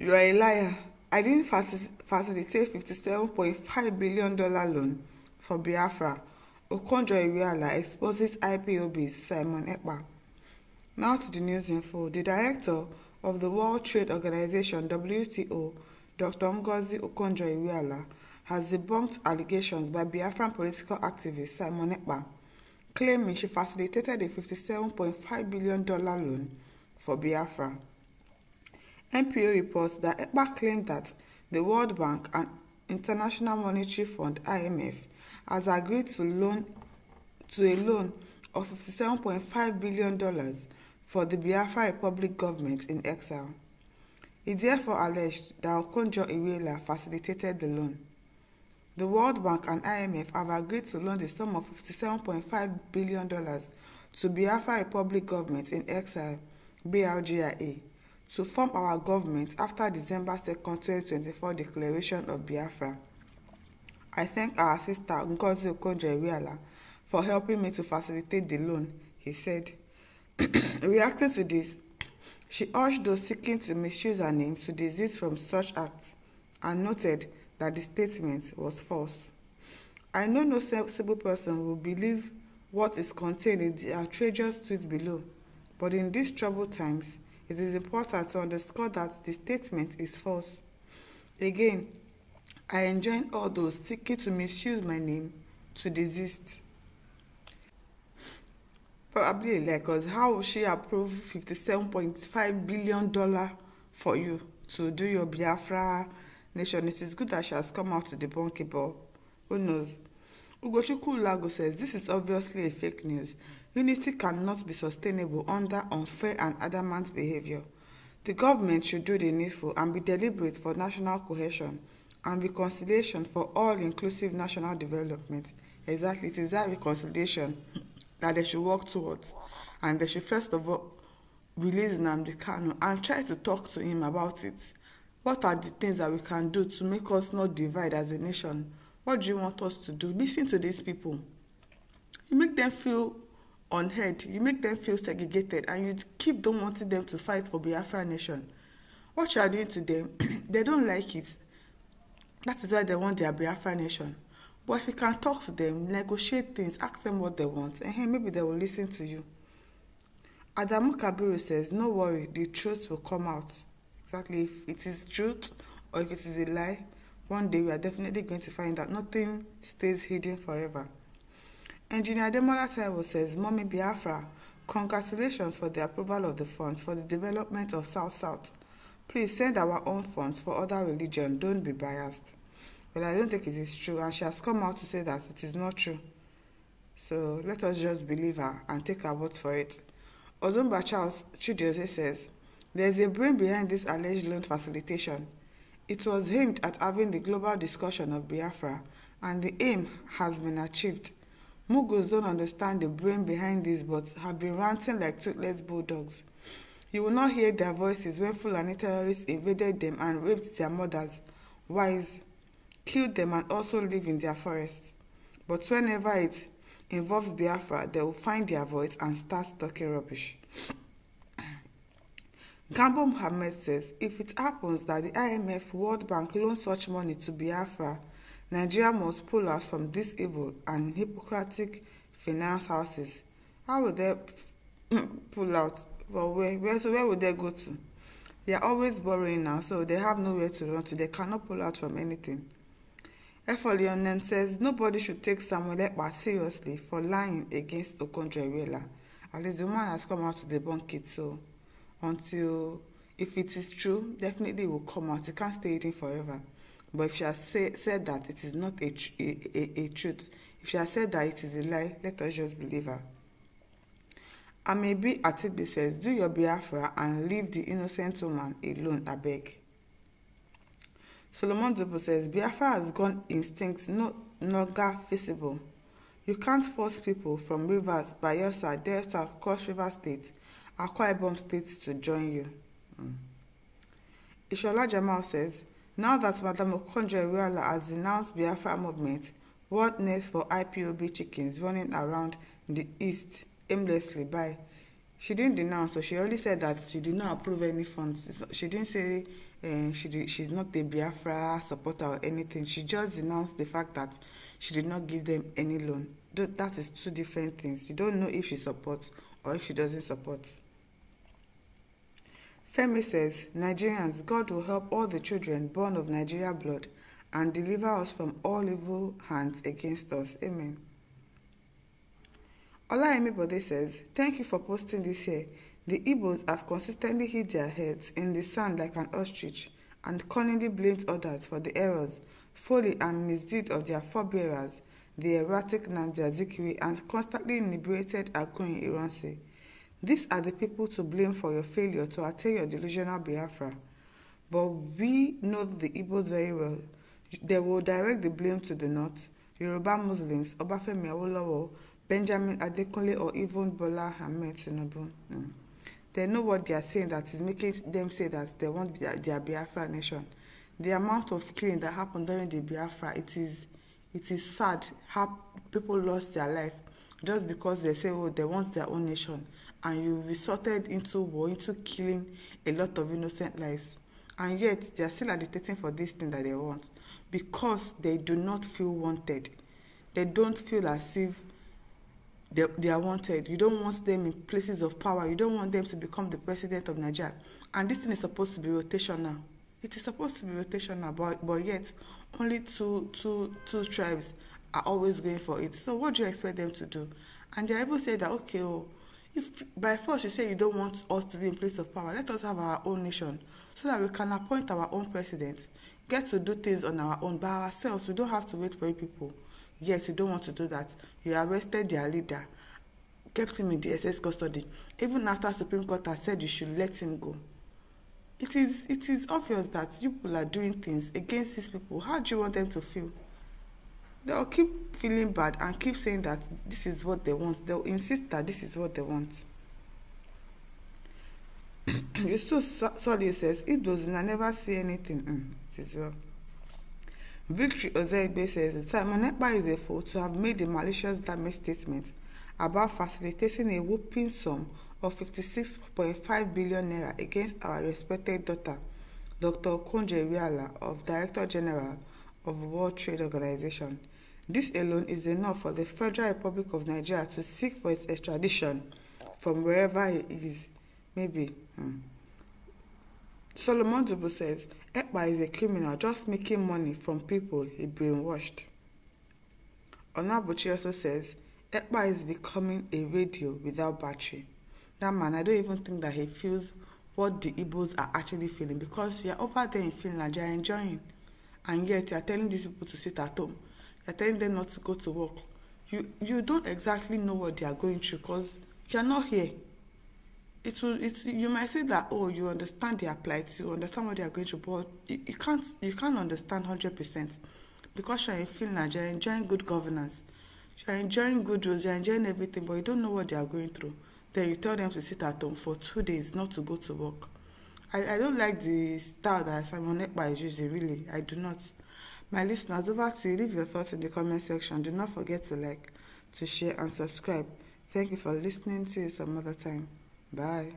You are a liar. I didn't facilitate $57.5 billion loan for Biafra. Okonjo Iweala exposes IPOB's Simon Ekpa. Now to the news info. The director of the World Trade Organization, WTO, Dr. Ngozi Okonjo-Iweala, has debunked allegations by Biafran political activist Simon Ekpa, claiming she facilitated a $57.5 billion loan for Biafra. NPO reports that ECPA claimed that the World Bank and International Monetary Fund IMF has agreed to loan to a loan of $57.5 billion dollars for the Biafra Republic government in exile. It therefore alleged that Okonjo Iweala facilitated the loan. The World Bank and IMF have agreed to loan the sum of $57.5 billion dollars to Biafra Republic government in exile, BRGIA, to form our government after December 2, 2024 declaration of Biafra. I thank our sister Ngozi Okonjo-Iweala for helping me to facilitate the loan, he said. Reacting to this, she urged those seeking to misuse her name to desist from such acts and noted that the statement was false. I know no sensible person will believe what is contained in the outrageous tweet below, but in these troubled times, it is important to underscore that the statement is false. Again, I enjoin all those seeking to misuse my name to desist. Probably like us, how will she approve $57.5 billion for you to do your Biafra nation? It is good that she has come out to debunk it, but who knows? Ugochukwu says this is obviously a fake news. Unity cannot be sustainable under unfair and adamant behavior. The government should do the needful and be deliberate for national cohesion and reconciliation for all-inclusive national development. Exactly, it is that reconciliation that they should work towards. And they should first of all release Nnamdi Kanu and try to talk to him about it. What are the things that we can do to make us not divide as a nation? What do you want us to do? Listen to these people. You make them feel unheard. You make them feel segregated, and you keep don't wanting them to fight for Biafra nation. What you are doing to them, they don't like it. That is why they want their Biafra nation. But if you can talk to them, negotiate things, ask them what they want, and eh, hey, maybe they will listen to you. Adamu Kabiru says, No worry, the truth will come out. Exactly if it is truth or if it is a lie. One day we are definitely going to find that nothing stays hidden forever. Engineer Demola Saibo says, Mommy Biafra, congratulations for the approval of the funds for the development of South South. Please send our own funds for other religion. Don't be biased. Well, I don't think it is true, and she has come out to say that it is not true. So let us just believe her and take her word for it. Ozumba Charles Chidiose says, There is a brain behind this alleged loan facilitation. It was aimed at having the global discussion of Biafra, and the aim has been achieved. Mughals don't understand the brain behind this but have been ranting like toothless bulldogs. You will not hear their voices when Fulani terrorists invaded them and raped their mothers, wives, killed them and also live in their forests. But whenever it involves Biafra, they will find their voice and start talking rubbish. Gambo Mohammed says, if it happens that the IMF World Bank loans such money to Biafra, Nigeria must pull out from this evil and hypocritic finance houses. How will they pull out? Well, where, where, so where will they go to? They are always borrowing now, so they have nowhere to run to. They cannot pull out from anything. Efolionen says, nobody should take Samuel Ekpa seriously for lying against Okonjo-Iweala. At least the woman has come out to debunk it, so until if it is true, definitely it will come out. You can't stay hidden forever. But if she has say, said that it is not a, a, a, a truth, if she has said that it is a lie, let us just believe her. I may be Amebi Atibi says, Do your Biafra and leave the innocent woman alone, I beg. Solomon Dubu says, Biafra has gone instinct, no longer feasible. You can't force people from rivers, Bayelsa, Delta, Cross River State Akwa Ibom State to join you. Mm. Ishola Jamal says, now that Madam Okonjo-Iweala has denounced Biafra movement, what next for IPOB chickens running around the east aimlessly by? She didn't denounce, so she only said that she did not approve any funds. She didn't say uh, she did, she's not a Biafra supporter or anything. She just denounced the fact that she did not give them any loan. That is two different things. You don't know if she supports or if she doesn't support. Femi says, Nigerians, God will help all the children born of Nigeria blood and deliver us from all evil hands against us. Amen. Olaemi Bode says, Thank you for posting this here. The Igbos have consistently hid their heads in the sand like an ostrich and cunningly blamed others for the errors, folly, and misdeed of their forebearers, the erratic Namdi and constantly inebriated Akoyin Ironsi. These are the people to blame for your failure to attain your delusional Biafra. But we know the Igbos very well. They will direct the blame to the North, Yoruba Muslims, Obafemi Awolowo, Benjamin Adekunle, or even Bola Ahmed Tinubu. Mm. They know what they are saying that is making them say that they want their, their Biafra nation. The amount of killing that happened during the Biafra, it is, it is sad how people lost their life just because they say, oh, they want their own nation. and you resorted into war into killing a lot of innocent lives and yet they are still agitating for this thing that they want because they do not feel wanted they don't feel as if they, they are wanted you don't want them in places of power you don't want them to become the president of nigeria and this thing is supposed to be rotational it is supposed to be rotational but but yet only two two two tribes are always going for it so what do you expect them to do and they even say that okay oh if by force you say you don't want us to be in place of power let us have our own nation so that we can appoint our own president get to do things on our own by ourselves we don't have to wait for you people yes you don't want to do that you arrested their leader kept him in the ss custody even after supreme court has said you should let him go it is it is obvious that you people are doing things against these people how do you want them to feel they'll keep feeling bad and keep saying that this is what they want they'll insist that this is what they want Yusuf Soli says It if Dozina never see anything mm, it is well Victory Ozegbe says Simon Ekpa is a fool to have made a malicious damage statement about facilitating a whooping sum of 56.5 billion naira against our respected daughter Dr. Okonjo Iweala of Director General of World Trade Organization This alone is enough for the Federal Republic of Nigeria to seek for its extradition from wherever he is. maybe. Hmm. Solomon Dubu says, Ekpa is a criminal just making money from people he brainwashed. Onabuchi also says, Ekpa is becoming a radio without battery. That man, I don't even think that he feels what the Igbos are actually feeling because you are over there in Finland, they are enjoying. And yet, you are telling these people to sit at home I tell them not to go to work you you don't exactly know what they are going through because you're not here it will you might say that oh you understand their plight you understand what they are going through but you, you can't you can't understand 100 percent because you're in finland you're enjoying good governance you're enjoying good rules you're enjoying everything but you don't know what they are going through then you tell them to sit at home for two days not to go to work i i don't like the style that simon ekpa is using really i do not my listeners, over to you. Leave your thoughts in the comment section. Do not forget to like, to share, and subscribe. Thank you for listening. See you some other time. Bye.